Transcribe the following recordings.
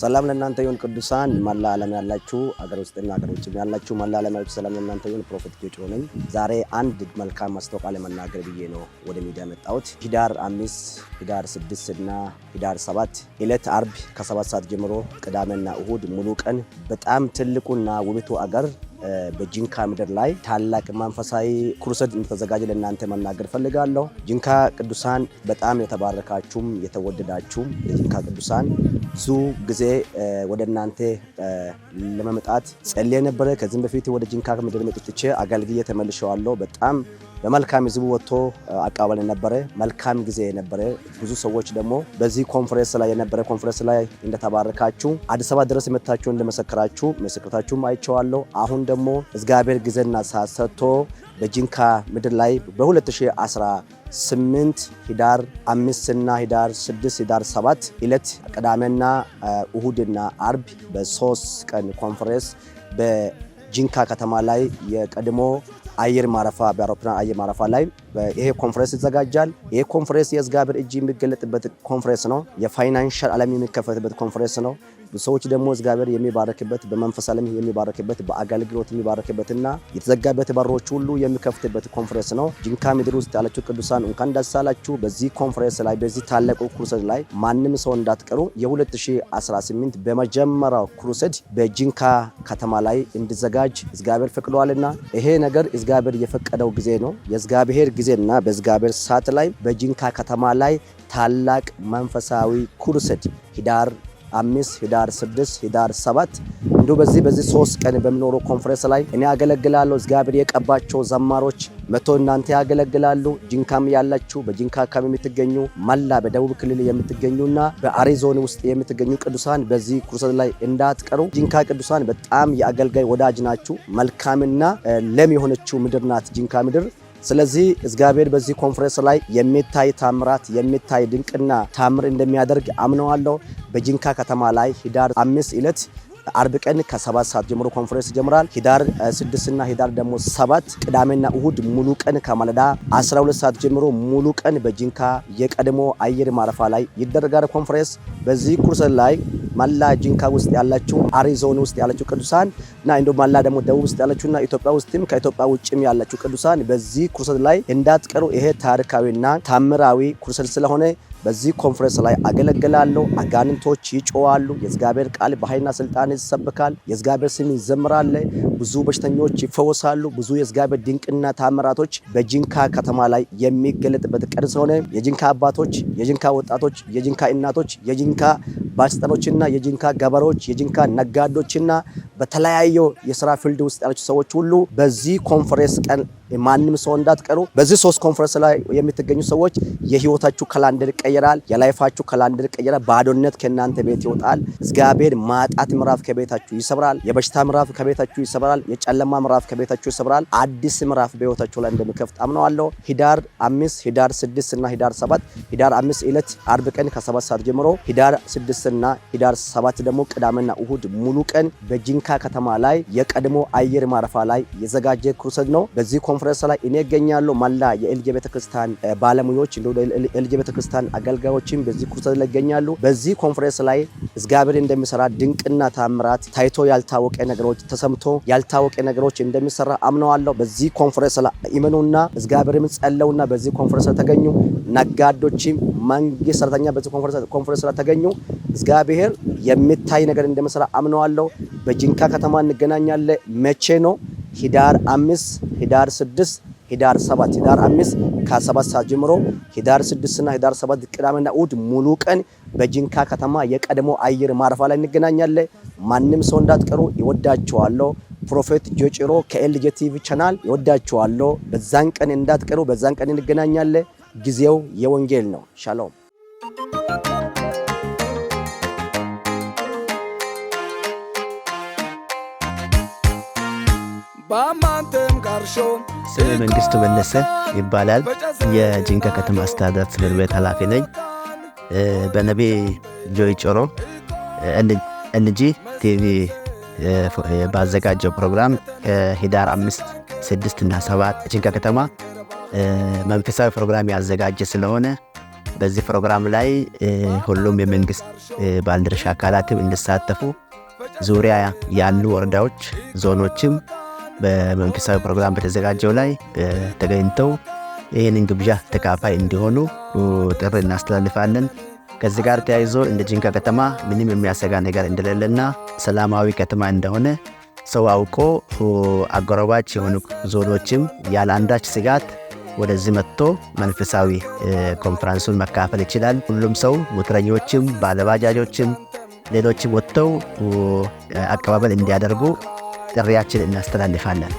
ሰላም ለእናንተ ይሁን ቅዱሳን፣ መላ ዓለም ያላችሁ አገር ውስጥና አገር ውጭ ያላችሁ መላ ዓለም ያላችሁ ሰላም ለእናንተ ይሁን። ፕሮፌት ጌጮ ነኝ። ዛሬ አንድ መልካም ማስታወቂያ ለመናገር ብዬ ነው ወደ ሚዲያ መጣሁት። ህዳር አምስት ህዳር ስድስት እና ህዳር ሰባት ዕለት አርብ ከሰባት ሰዓት ጀምሮ ቅዳሜና እሁድ ሙሉ ቀን በጣም ትልቁና ውብቱ አገር በጂንካ ምድር ላይ ታላቅ መንፈሳዊ ክሩሰድ እንደተዘጋጀ ለእናንተ መናገር ፈልጋለሁ። ጂንካ ቅዱሳን በጣም የተባረካችሁም የተወደዳችሁም የጂንካ ቅዱሳን ብዙ ጊዜ ወደ እናንተ ለመምጣት ጸልዬ ነበረ። ከዚህም በፊት ወደ ጂንካ ምድር መጥቼ አገልግዬ ተመልሼዋለሁ። በጣም በመልካም ህዝቡ ወጥቶ አቀባበል የነበረ መልካም ጊዜ የነበረ ብዙ ሰዎች ደግሞ በዚህ ኮንፈረንስ ላይ የነበረ ኮንፈረንስ ላይ እንደተባረካችሁ አዲስ አበባ ድረስ የመታችሁ እንደመሰከራችሁ ምስክርታችሁም አይቸዋለሁ አሁን ደግሞ እግዚአብሔር ጊዜና ሰዓት ሰጥቶ በጂንካ ምድር ላይ በ2018 ህዳር አምስትና እና ህዳር ስድስት ህዳር ሰባት ዕለት ቅዳሜና እሁድና አርብ በሶስት ቀን ኮንፈረንስ በጂንካ ከተማ ላይ የቀድሞ አየር ማረፋ በአውሮፕላን አየር ማረፋ ላይ ይሄ ኮንፈረንስ ይዘጋጃል። ይሄ ኮንፈረንስ የእግዚአብሔር እጅ የሚገለጥበት ኮንፈረንስ ነው። የፋይናንሻል ዓለም የሚከፈትበት ኮንፈረንስ ነው። ሰዎች ደግሞ እግዚአብሔር የሚባረክበት በመንፈስ ዓለም የሚባረክበት በአገልግሎት የሚባረክበትና የተዘጋበት በሮች ሁሉ የሚከፍትበት ኮንፈረንስ ነው። ጅንካ ምድር ውስጥ ያላችሁ ቅዱሳን እንኳን ደስ አላችሁ። በዚህ ኮንፈረንስ ላይ በዚህ ታላቁ ክሩሰድ ላይ ማንም ሰው እንዳትቀሩ። የ2018 በመጀመሪያው ክሩሰድ በጂንካ ከተማ ላይ እንዲዘጋጅ እግዚአብሔር ፈቅዶልና ይሄ ነገር እግዚአብሔር የፈቀደው ጊዜ ነው። የእግዚአብሔር ጊዜና በእግዚአብሔር ሰዓት ላይ በጂንካ ከተማ ላይ ታላቅ መንፈሳዊ ክሩሰድ ሂዳር አምስት ህዳር ስድስት ህዳር ሰባት እንዲ በዚህ በዚህ ሶስት ቀን በሚኖሩ ኮንፈረንስ ላይ እኔ ያገለግላለሁ። እግዚአብሔር የቀባቸው ዘማሮች መቶ እናንተ ያገለግላሉ። ጂንካም ያላችሁ በጅንካ አካባቢ የምትገኙ መላ በደቡብ ክልል የምትገኙና በአሪዞን ውስጥ የምትገኙ ቅዱሳን በዚህ ኩርሰት ላይ እንዳትቀሩ። ጅንካ ቅዱሳን በጣም የአገልጋይ ወዳጅ ናችሁ። መልካምና ለም የሆነችው ምድር ናት ጅንካ ምድር። ስለዚህ እግዚአብሔር በዚህ ኮንፈረንስ ላይ የሚታይ ታምራት የሚታይ ድንቅና ታምር እንደሚያደርግ አምነዋለሁ። በጂንካ ከተማ ላይ ህዳር አምስት ዕለት አርብ ቀን ከሰባት ሰዓት ጀምሮ ኮንፈረንስ ይጀምራል። ህዳር ስድስትና ህዳር ደግሞ ሰባት ቅዳሜና እሁድ ሙሉ ቀን ከማለዳ 12 ሰዓት ጀምሮ ሙሉ ቀን በጂንካ የቀድሞ አየር ማረፋ ላይ ይደረጋል ኮንፈረንስ በዚህ ኩርሰን ላይ ማላ ጂንካ ውስጥ ያላችሁ፣ አሪዞን ውስጥ ያላችሁ ቅዱሳን እና እንዶ ማላ ደግሞ ደቡብ ውስጥ ያላችሁና ኢትዮጵያ ውስጥም ከኢትዮጵያ ውጭም ያላችሁ ቅዱሳን በዚህ ኩርሰት ላይ እንዳትቀሩ። ይሄ ታሪካዊና ታምራዊ ኩርሰት ስለሆነ በዚህ ኮንፈረንስ ላይ አገለግላለሁ። አጋንንቶች ይጮዋሉ። የእግዚአብሔር ቃል በኃይልና ስልጣን ይሰብካል የእግዚአብሔር ስም ይዘምራል። ብዙ በሽተኞች ይፈወሳሉ። ብዙ የእግዚአብሔር ድንቅና ታምራቶች በጂንካ ከተማ ላይ የሚገለጥበት ቀን ስለሆነ የጂንካ አባቶች፣ የጅንካ ወጣቶች፣ የጅንካ እናቶች፣ የጅንካ ባለስልጣኖችና የጂንካ ገበሬዎች፣ የጂንካ ነጋዶችና በተለያየ የስራ ፊልድ ውስጥ ያላችሁ ሰዎች ሁሉ በዚህ ኮንፈረንስ ቀን ማንም ሰው እንዳትቀሩ። በዚህ ሶስት ኮንፈረንስ ላይ የምትገኙ ሰዎች የህይወታችሁ ካላንደር ይቀየራል፣ የላይፋችሁ ካላንደር ይቀየራል። ባዶነት ከእናንተ ቤት ይወጣል። እግዚአብሔር ማጣት ምዕራፍ ከቤታችሁ ይሰብራል። የበሽታ ምዕራፍ ከቤታችሁ ይሰብራል። የጨለማ ምዕራፍ ከቤታችሁ ይሰብራል። አዲስ ምዕራፍ በህይወታችሁ ላይ እንደሚከፍት አምነዋለሁ። ህዳር አምስት ህዳር ስድስት እና ህዳር ሰባት ህዳር አምስት ዕለት አርብ ቀን ከሰባት ሰዓት ጀምሮ ህዳር ስድስት እና ህዳር ሰባት ደግሞ ቅዳሜና እሁድ ሙሉ ቀን በጂንካ የካ ከተማ ላይ የቀድሞ አየር ማረፋ ላይ የዘጋጀ ክሩሰድ ነው። በዚህ ኮንፈረንስ ላይ እኔ እገኛለሁ። መላ የኤልጄ ቤተክርስቲያን ባለሙያዎች እንደ ኤልጄ ቤተክርስቲያን አገልጋዮችም በዚህ ክሩሰድ ላይ ይገኛሉ። በዚህ ኮንፈረንስ ላይ እግዚአብሔር እንደሚሰራ ድንቅና ታምራት ታይቶ ያልታወቀ ነገሮች ተሰምቶ ያልታወቀ ነገሮች እንደሚሰራ አምነዋለሁ። በዚህ ኮንፈረንስ ላይ ይመኑና እግዚአብሔርም ጸለውና በዚህ ኮንፈረንስ ተገኙ ነጋዶችም መንግስት ሰራተኛ በዚህ ኮንፈረንስ ስለተገኙ እግዚአብሔር የሚታይ ነገር እንደሚሰራ አምነዋለሁ። በጅንካ ከተማ እንገናኛለን። መቼ ነው? ህዳር አምስት ህዳር ስድስት ህዳር ሰባት ህዳር አምስት ከሰባት ሰዓት ጀምሮ ህዳር እና ህዳር ሰባት ቅዳሜና እሁድ ሙሉ ቀን በጅንካ ከተማ የቀድሞ አየር ማረፊያ ላይ እንገናኛለን። ማንም ሰው እንዳትቀሩ። ይወዳችኋለሁ። ፕሮፌት ጆጭሮ ከኤልጄ ቲቪ ቻናል ይወዳችኋለሁ። በዛን ቀን እንዳትቀሩ። በዛን ቀን እንገናኛለን። ጊዜው የወንጌል ነው። ሻሎም መንግስቱ መለሰ ይባላል። የጂንካ ከተማ አስተዳደር ጽሕፈት ቤት ኃላፊ ነኝ። በነቤ ጆይ ጮሮ እንጂ ቲቪ ባዘጋጀው ፕሮግራም ከህዳር አምስት ስድስት እና ሰባት ጂንካ ከተማ መንፈሳዊ ፕሮግራም ያዘጋጀ ስለሆነ በዚህ ፕሮግራም ላይ ሁሉም የመንግስት ባለድርሻ አካላትም እንዲሳተፉ ዙሪያ ያሉ ወረዳዎች፣ ዞኖችም በመንፈሳዊ ፕሮግራም በተዘጋጀው ላይ ተገኝተው ይህንን ግብዣ ተካፋይ እንዲሆኑ ጥሪ እናስተላልፋለን። ከዚህ ጋር ተያይዞ እንደ ጂንካ ከተማ ምንም የሚያሰጋ ነገር እንደሌለና ሰላማዊ ከተማ እንደሆነ ሰው አውቆ አጎራባች የሆኑ ዞኖችም ያለ አንዳች ስጋት ወደዚህ መጥቶ መንፈሳዊ ኮንፈረንሱን መካፈል ይችላል። ሁሉም ሰው ውትረኞችም ባለባጃጆችም፣ ሌሎችም ወጥተው አቀባበል እንዲያደርጉ ጥሪያችን እናስተላልፋለን።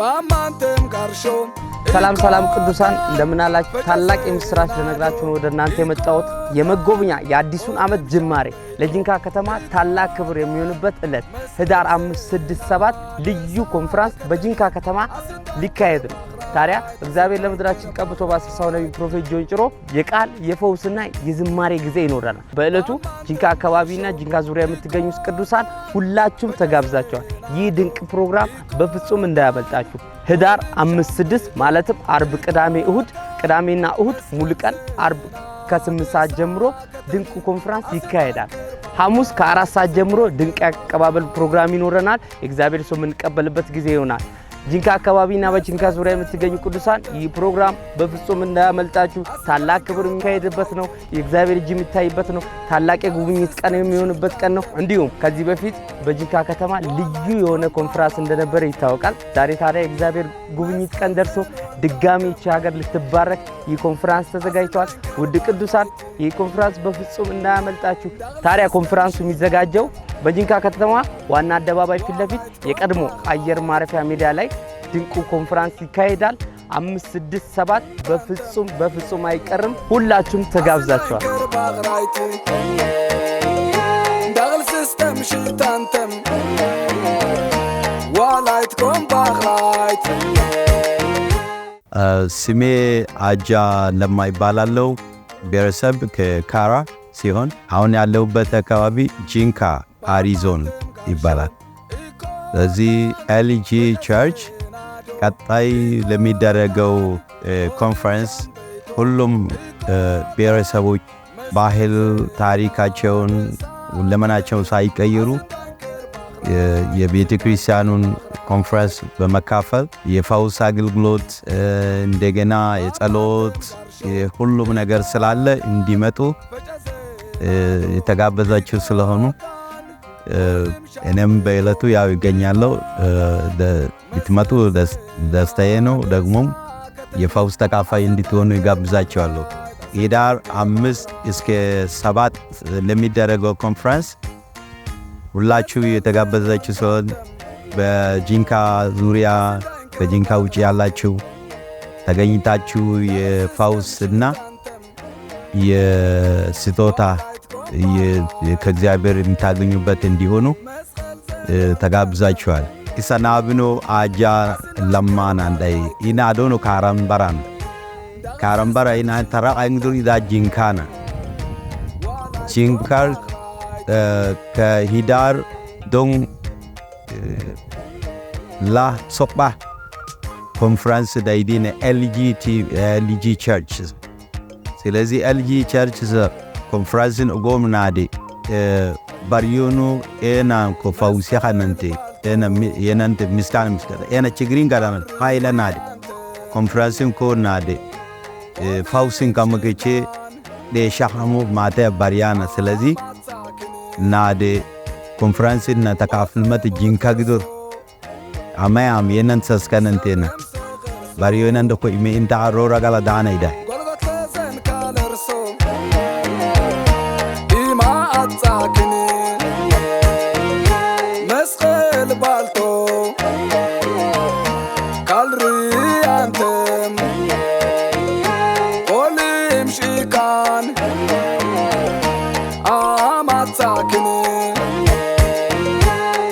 ባማንተም ጋርሾ ሰላም ሰላም ቅዱሳን አላችሁ? ታላቅ የምስራች ልነግራችሁ ነው ወደ እናንተ የመጣሁት። የመጎብኛ የአዲሱን ዓመት ጅማሬ ለጂንካ ከተማ ታላቅ ክብር የሚሆንበት ዕለት ህዳር 567 ልዩ ኮንፈረንስ በጂንካ ከተማ ሊካሄድ ነው። ታዲያ እግዚአብሔር ለምድራችን ቀብቶ ባስሳው ነቢይ ፕሮፌት ጆን ጭሮ የቃል የፈውስና የዝማሬ ጊዜ ይኖረናል። በዕለቱ ጂንካ አካባቢና ጂንካ ዙሪያ የምትገኙት ቅዱሳን ሁላችሁም ተጋብዛቸዋል። ይህ ድንቅ ፕሮግራም በፍጹም እንዳያመልጣችሁ። ህዳር አምስት ስድስት ማለትም አርብ፣ ቅዳሜ፣ እሁድ ቅዳሜና እሁድ ሙሉ ቀን አርብ ከስምንት ሰዓት ጀምሮ ድንቅ ኮንፍራንስ ይካሄዳል። ሐሙስ ከአራት ሰዓት ጀምሮ ድንቅ አቀባበል ፕሮግራም ይኖረናል። እግዚአብሔር ሰው የምንቀበልበት ጊዜ ይሆናል። ጅንካ አካባቢና በጅንካ ዙሪያ የምትገኙ ቅዱሳን ይህ ፕሮግራም በፍጹም እንዳያመልጣችሁ። ታላቅ ክብር የሚካሄድበት ነው። የእግዚአብሔር እጅ የሚታይበት ነው። ታላቅ የጉብኝት ቀን የሚሆንበት ቀን ነው። እንዲሁም ከዚህ በፊት በጅንካ ከተማ ልዩ የሆነ ኮንፍራንስ እንደነበረ ይታወቃል። ዛሬ ታዲያ የእግዚአብሔር ጉብኝት ቀን ደርሶ ድጋሚ ይቺ ሀገር ልትባረክ ይህ ኮንፍራንስ ተዘጋጅተዋል። ውድ ቅዱሳን ይህ ኮንፍራንስ በፍጹም እንዳያመልጣችሁ። ታዲያ ኮንፍራንሱ የሚዘጋጀው በጂንካ ከተማ ዋና አደባባይ ፊት ለፊት የቀድሞ አየር ማረፊያ ሜዳ ላይ ድንቁ ኮንፈረንስ ይካሄዳል። አምስት ስድስት ሰባት በፍጹም በፍጹም አይቀርም። ሁላችሁም ተጋብዛችኋል። ስሜ አጃ ለማ ይባላለው። ብሔረሰብ ከካራ ሲሆን አሁን ያለሁበት አካባቢ ጂንካ አሪዞን ይባላል። ስለዚህ ኤልጂ ቸርች ቀጣይ ለሚደረገው ኮንፈረንስ ሁሉም ብሔረሰቦች ባህል፣ ታሪካቸውን፣ ለመናቸውን ሳይቀይሩ የቤተ ክርስቲያኑን ኮንፈረንስ በመካፈል የፈውስ አገልግሎት እንደገና የጸሎት ሁሉም ነገር ስላለ እንዲመጡ የተጋበዛችሁ ስለሆኑ እኔም በዕለቱ ያው ይገኛለው። ህትመቱ ደስታዬ ነው። ደግሞም የፋውስ ተካፋይ እንድትሆኑ ይጋብዛቸዋለሁ። ሂዳር አምስት እስከ ሰባት ለሚደረገው ኮንፈረንስ ሁላችሁ የተጋበዛችሁ ሲሆን በጂንካ ዙሪያ በጂንካ ውጭ ያላችሁ ተገኝታችሁ የፋውስ እና የስጦታ ከእግዚአብሔር የምታገኙበት እንዲሆኑ ተጋብዛችኋል። ኢሰናብኖ አጃ ለማን ለማናንዳይ ኢናዶኖ ካረምበራን ካረምበራ ኢና ተራ እንግዱር ኢዳ ጂንካና ጂንካር ከሂዳር ዶን ላ ሶጳ ኮንፈረንስ ዳይዲነ ኤልጂ ቸርች ስለዚህ ኤልጂ ቸርች comprising ogomnadi e baryunu ena ko fausi hanante ena yenante miskan miskada ena chigrin gadan haila nadi comprising ko nadi e fausin kamageche de shahamu mate baryana selazi, nadi conferencin na takafilmati jinkagidor amayam yenan saskanantena bariyo nan da ko ime inta arora gala danayda